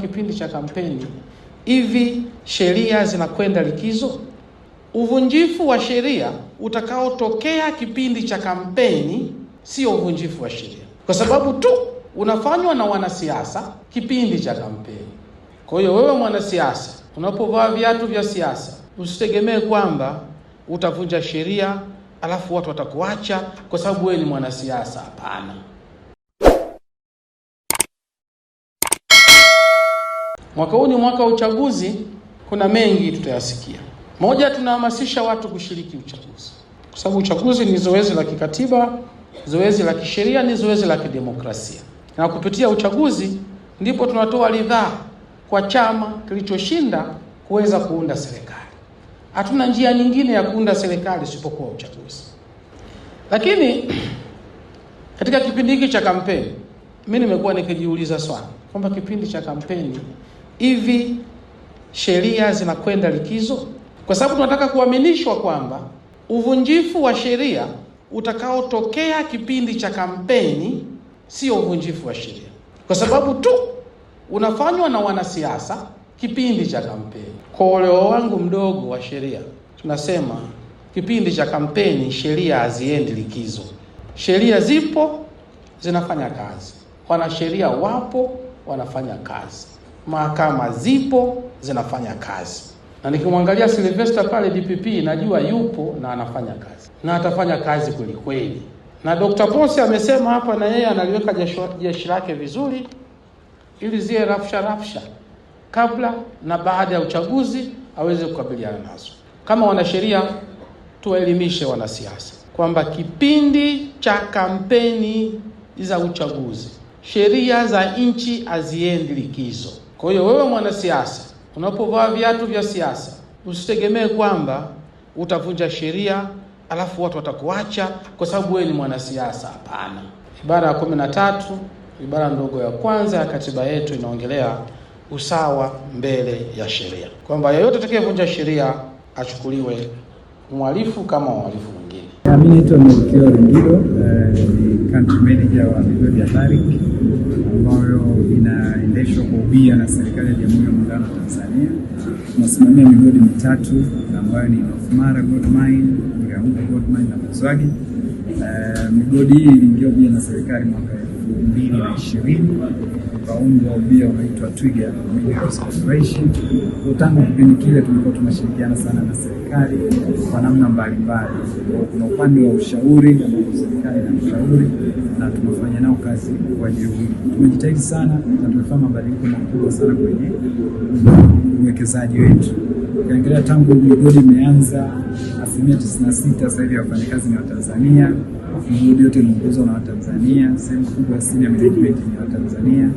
Kipindi cha kampeni hivi sheria zinakwenda likizo? Uvunjifu wa sheria utakaotokea kipindi cha kampeni sio uvunjifu wa sheria, kwa sababu tu unafanywa na wanasiasa kipindi cha kampeni. Kwa hiyo wewe mwanasiasa, unapovaa viatu vya siasa, usitegemee kwamba utavunja sheria alafu watu watakuacha kwa sababu wewe ni mwanasiasa. Hapana. Mwaka huu ni mwaka wa uchaguzi, kuna mengi tutayasikia. Moja, tunahamasisha watu kushiriki uchaguzi, kwa sababu uchaguzi ni zoezi la kikatiba, zoezi la kisheria, ni zoezi la kidemokrasia, na kupitia uchaguzi ndipo tunatoa ridhaa kwa chama kilichoshinda kuweza kuunda serikali. Hatuna njia nyingine ya kuunda serikali isipokuwa uchaguzi. Lakini katika kipindi hiki cha kampeni, mimi nimekuwa nikijiuliza swali kwamba kipindi cha kampeni hivi sheria zinakwenda likizo? Kwa sababu tunataka kuaminishwa kwamba uvunjifu wa sheria utakaotokea kipindi cha kampeni sio uvunjifu wa sheria, kwa sababu tu unafanywa na wanasiasa kipindi cha kampeni. Kwa uleo wangu mdogo wa sheria, tunasema kipindi cha kampeni sheria haziendi likizo. Sheria zipo zinafanya kazi, wanasheria wapo wanafanya kazi mahakama zipo zinafanya kazi, na nikimwangalia silvesta pale DPP najua yupo na anafanya kazi na atafanya kazi kwelikweli. Na Dr. Ponce amesema hapa, na yeye analiweka jeshi lake vizuri ili ziwe rafsha rafsha kabla na baada ya uchaguzi aweze kukabiliana nazo. Kama wanasheria, tuwaelimishe wanasiasa kwamba kipindi cha kampeni za uchaguzi sheria za nchi haziendi likizo. Kwa hiyo wewe mwanasiasa, unapovaa viatu vya siasa, usitegemee kwamba utavunja sheria alafu watu watakuacha kwa sababu wewe ni mwanasiasa. Hapana. Ibara ya kumi na tatu ibara ndogo ya kwanza ya katiba yetu inaongelea usawa mbele ya sheria, kwamba yeyote atakayevunja sheria achukuliwe mhalifu kama wahalifu mimi naitwa Melkio Rendido, eh, ni country manager wa vituo vya TARIC ambayo inaendeshwa kwa ubia na serikali ya Jamhuri ya Muungano wa Tanzania. Tunasimamia migodi mitatu ambayo ni North Mara Gold Mine, Nyiragongo Gold Mine na Buzwagi. Eh, migodi hii iliingia ubia na serikali mwaka elfu mbili na ishirini mbwa ubia unaitwa Twiga Minerals Corporation. Tangu kipindi kile tumekuwa tunashirikiana sana na serikali kwa namna mbalimbali. Kuna upande wa ushauri ambao serikali na ushauri na tumefanya nao kazi kwa juhudi. Tumejitahidi sana na tumefanya mabadiliko makubwa sana kwenye uwekezaji wetu. Ukiangalia tangu migodi imeanza asilimia 96 sasa hivi wafanyakazi ni Watanzania. Funguo yote inaongozwa na Watanzania, sehemu kubwa asili ya management ni Watanzania.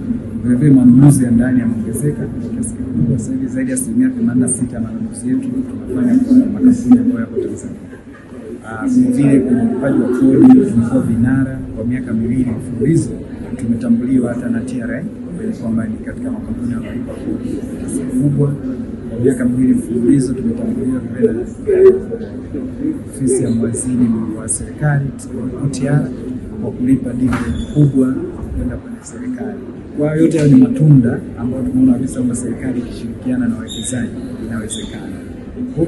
Vilevile manunuzi ya ndani yameongezeka kwa kiasi kikubwa, sasa hivi zaidi ya asilimia themanini na sita ya manunuzi yetu tunafanya kwa makampuni ambayo yako Tanzania. Vilevile ah, kwenye ulipaji wa kodi tumekuwa vinara kwa miaka miwili mfululizo, tumetambuliwa hata na TRA kwamba ni katika makampuni ambayo kubwa miaka miwili mfululizo tumetambuliwa mbele ofisi ya mwazini wa serikali tukiwa kwa kulipa dividend kubwa kwenda kwenye serikali. Kwa yote hayo ni matunda ambayo tumeona kabisa kwamba serikali ikishirikiana na wawekezaji inawezekana.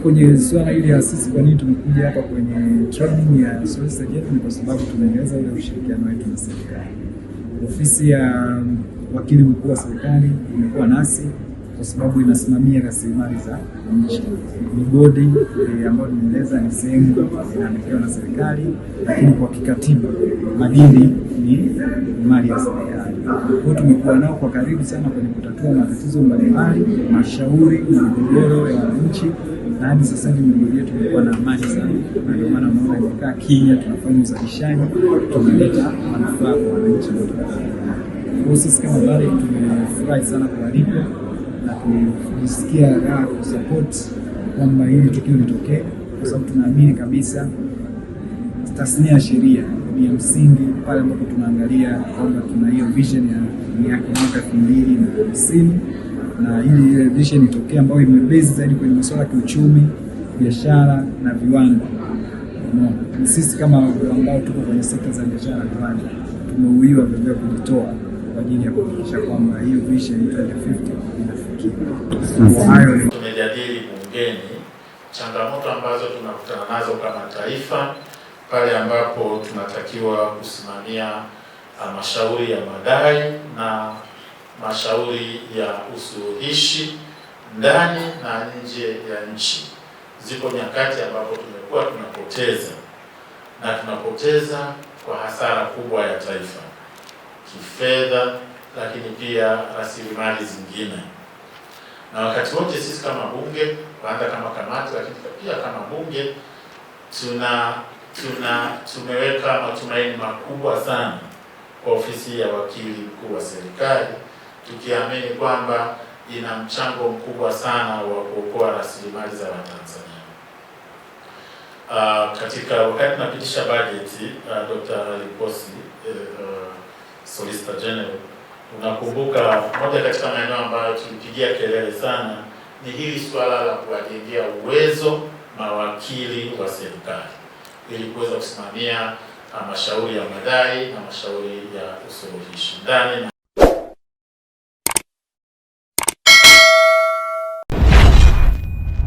Kwenye swala hili ya sisi, kwa nini tumekuja hapa kwenye training ya solicitor yetu, ni kwa sababu tunaendeleza ule ushirikiano wetu na serikali. Ofisi ya wakili mkuu wa serikali imekuwa nasi kwa sababu inasimamia rasilimali za nchi. Ni bodi eh, ambayo nimeeleza ni sehemu inaandikiwa na serikali, lakini kwa kikatiba madini ni mali ya serikali. Kwa tumekuwa nao kwa karibu sana kwenye kutatua matatizo mbalimbali, mashauri na migogoro ya wananchi, na hadi sasa hivi migogoro yetu imekuwa na amani sana, na ndio maana mnaona imekaa kimya, tunafanya uzalishaji, tunaleta manufaa kwa wananchi. Kwa sisi kama BALE tumefurahi sana kualikwa na kujisikia raha kusapoti kwamba hili tukio litokee, kwa sababu tunaamini kabisa tasnia ya sheria ni ya msingi pale ambapo tunaangalia kwamba tuna hiyo vision ya miaka mwaka elfu mbili na hamsini na hili ile vision itokee ambayo imebezi zaidi kwenye masuala ya kiuchumi, biashara na viwanda. Sisi kama ambao tuko kwenye sekta za biashara na viwanda tumeuiwa vivyo kujitoa kwa ajili ya kuhakikisha kwamba hiyo vision 2050 inafikiwa. Hayo tumejadili bungeni, changamoto ambazo tunakutana nazo kama taifa pale ambapo tunatakiwa kusimamia uh, mashauri ya madai na mashauri ya usuluhishi ndani na nje ya nchi. Ziko nyakati ambapo tumekuwa tunapoteza na tunapoteza kwa hasara kubwa ya taifa kifedha, lakini pia rasilimali zingine. Na wakati wote sisi kama bunge, kwanza kama kamati, lakini pia kama bunge tuna tuna tumeweka matumaini makubwa sana kwa ofisi ya wakili mkuu wa serikali, tukiamini kwamba ina mchango mkubwa sana wa kuokoa rasilimali za Watanzania. Uh, katika wakati napitisha bajeti uh, ah, Dr. Aliposi Solicitor General, unakumbuka moja katika maeneo ambayo tulipigia kelele sana ni hili suala la kuwajengea uwezo mawakili wa serikali ili kuweza kusimamia mashauri ya madai na mashauri ya usuluhishi ndani